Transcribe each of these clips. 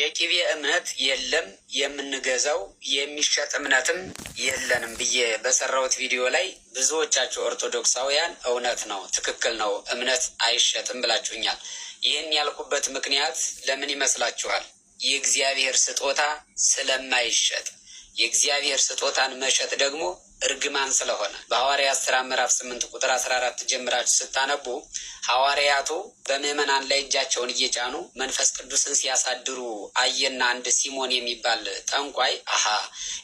የቂቤ እምነት የለም የምንገዛው የሚሸጥ እምነትም የለንም ብዬ በሰራሁት ቪዲዮ ላይ ብዙዎቻችሁ ኦርቶዶክሳውያን እውነት ነው፣ ትክክል ነው፣ እምነት አይሸጥም ብላችሁኛል። ይህን ያልኩበት ምክንያት ለምን ይመስላችኋል? የእግዚአብሔር ስጦታ ስለማይሸጥ። የእግዚአብሔር ስጦታን መሸጥ ደግሞ እርግማን ስለሆነ በሐዋርያት ሥራ ምዕራፍ ስምንት ቁጥር አስራ አራት ጀምራችሁ ስታነቡ ሐዋርያቱ በምዕመናን ላይ እጃቸውን እየጫኑ መንፈስ ቅዱስን ሲያሳድሩ አየና አንድ ሲሞን የሚባል ጠንቋይ አሀ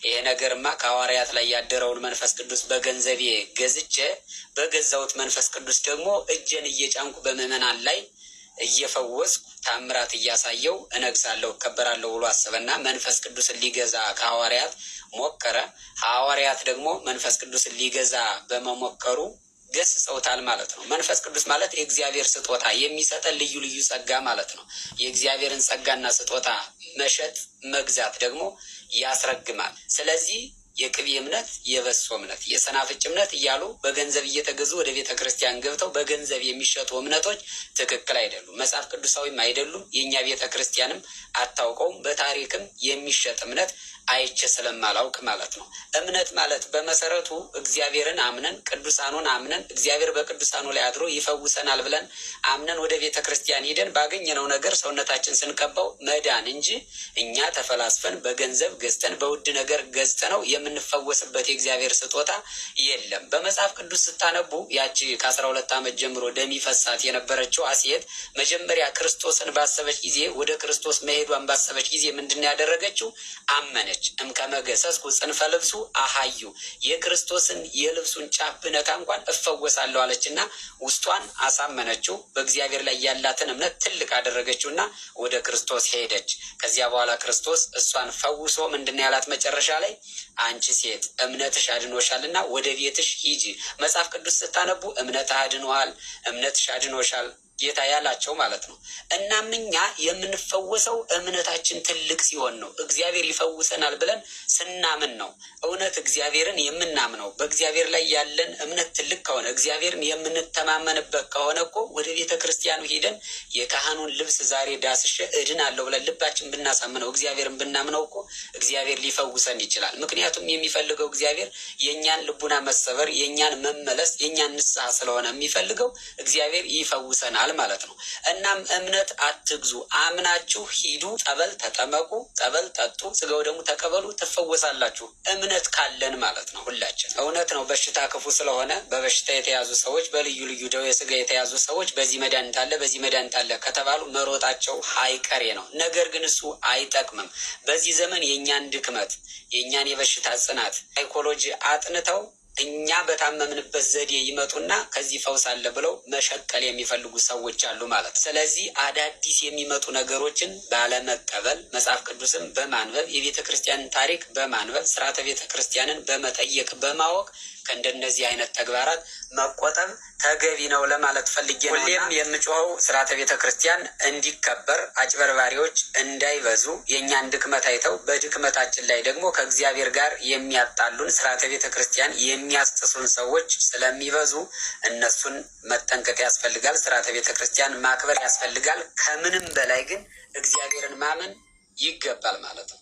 ይሄ ነገርማ ከሐዋርያት ላይ ያደረውን መንፈስ ቅዱስ በገንዘቤ ገዝቼ በገዛውት መንፈስ ቅዱስ ደግሞ እጄን እየጫንኩ በምዕመናን ላይ እየፈወስኩ ታምራት እያሳየው እነግሳለሁ እከበራለሁ ብሎ አሰበና መንፈስ ቅዱስን ሊገዛ ከሐዋርያት ሞከረ። ሐዋርያት ደግሞ መንፈስ ቅዱስን ሊገዛ በመሞከሩ ገስጸውታል ማለት ነው። መንፈስ ቅዱስ ማለት የእግዚአብሔር ስጦታ የሚሰጠን ልዩ ልዩ ጸጋ ማለት ነው። የእግዚአብሔርን ጸጋና ስጦታ መሸጥ መግዛት ደግሞ ያስረግማል። ስለዚህ የቅቤ እምነት፣ የበሶ እምነት፣ የሰናፍጭ እምነት እያሉ በገንዘብ እየተገዙ ወደ ቤተ ክርስቲያን ገብተው በገንዘብ የሚሸጡ እምነቶች ትክክል አይደሉም፣ መጽሐፍ ቅዱሳዊም አይደሉም። የእኛ ቤተ ክርስቲያንም አታውቀውም። በታሪክም የሚሸጥ እምነት አይቼ ስለማላውቅ ማለት ነው። እምነት ማለት በመሰረቱ እግዚአብሔርን አምነን ቅዱሳኑን አምነን እግዚአብሔር በቅዱሳኑ ላይ አድሮ ይፈውሰናል ብለን አምነን ወደ ቤተ ክርስቲያን ሂደን ባገኘነው ነገር ሰውነታችን ስንቀባው መዳን እንጂ እኛ ተፈላስፈን በገንዘብ ገዝተን በውድ ነገር ገዝተ ነው የምንፈወስበት የእግዚአብሔር ስጦታ የለም። በመጽሐፍ ቅዱስ ስታነቡ ያቺ ከአስራ ሁለት ዓመት ጀምሮ ደም ይፈሳት የነበረችው አሴት መጀመሪያ ክርስቶስን ባሰበች ጊዜ ወደ ክርስቶስ መሄዷን ባሰበች ጊዜ ምንድን ያደረገችው? አመነች። እምከመ ገሰስኩ ጽንፈ ልብሱ አሃዩ የክርስቶስን የልብሱን ጫፍ ብነካ እንኳን እፈወሳለሁ አለችና ውስጧን አሳመነችው። በእግዚአብሔር ላይ ያላትን እምነት ትልቅ አደረገችው ወደ ክርስቶስ ሄደች። ከዚያ በኋላ ክርስቶስ እሷን ፈውሶ ምንድን ያላት መጨረሻ ላይ አንቺ ሴት እምነትሽ አድኖሻልና ወደ ቤትሽ ሂጂ። መጽሐፍ ቅዱስ ስታነቡ እምነት አድኖሃል፣ እምነትሽ አድኖሻል ጌታ ያላቸው ማለት ነው። እናም እኛ የምንፈወሰው እምነታችን ትልቅ ሲሆን ነው። እግዚአብሔር ይፈውሰናል ብለን ስናምን ነው። እውነት እግዚአብሔርን የምናምነው በእግዚአብሔር ላይ ያለን እምነት ትልቅ ከሆነ፣ እግዚአብሔርን የምንተማመንበት ከሆነ እኮ ወደ ቤተ ክርስቲያኑ ሄደን የካህኑን ልብስ ዛሬ ዳስሸ እድን አለው ብለን ልባችን ብናሳምነው፣ እግዚአብሔርን ብናምነው እኮ እግዚአብሔር ሊፈውሰን ይችላል። ምክንያቱም የሚፈልገው እግዚአብሔር የእኛን ልቡና መሰበር፣ የእኛን መመለስ፣ የእኛን ንስሐ ስለሆነ የሚፈልገው እግዚአብሔር ይፈውሰናል ይሆናል ማለት ነው። እናም እምነት አትግዙ፣ አምናችሁ ሂዱ፣ ጠበል ተጠመቁ፣ ጠበል ጠጡ፣ ስጋው ደግሞ ተቀበሉ፣ ትፈወሳላችሁ። እምነት ካለን ማለት ነው። ሁላችን እውነት ነው። በሽታ ክፉ ስለሆነ በበሽታ የተያዙ ሰዎች፣ በልዩ ልዩ ደዌ ስጋ የተያዙ ሰዎች በዚህ መድኃኒት አለ፣ በዚህ መድኃኒት አለ ከተባሉ መሮጣቸው አይቀሬ ነው። ነገር ግን እሱ አይጠቅምም። በዚህ ዘመን የእኛን ድክመት የእኛን የበሽታ ጽናት ሳይኮሎጂ አጥንተው እኛ በታመምንበት ዘዴ ይመጡና ከዚህ ፈውስ አለ ብለው መሸቀል የሚፈልጉ ሰዎች አሉ ማለት ስለዚህ አዳዲስ የሚመጡ ነገሮችን ባለመቀበል መጽሐፍ ቅዱስን በማንበብ የቤተ ክርስቲያንን ታሪክ በማንበብ ስርዓተ ቤተ ክርስቲያንን በመጠየቅ በማወቅ ከእንደነዚህ አይነት ተግባራት መቆጠብ ተገቢ ነው ለማለት ፈልጌ ሁሌም የምጮኸው ስርዓተ ቤተ ክርስቲያን እንዲከበር፣ አጭበርባሪዎች እንዳይበዙ፣ የእኛን ድክመት አይተው በድክመታችን ላይ ደግሞ ከእግዚአብሔር ጋር የሚያጣሉን ስርዓተ ቤተ ክርስቲያን የሚያስጥሱን ሰዎች ስለሚበዙ እነሱን መጠንቀቅ ያስፈልጋል። ስርዓተ ቤተ ክርስቲያን ማክበር ያስፈልጋል። ከምንም በላይ ግን እግዚአብሔርን ማመን ይገባል ማለት ነው።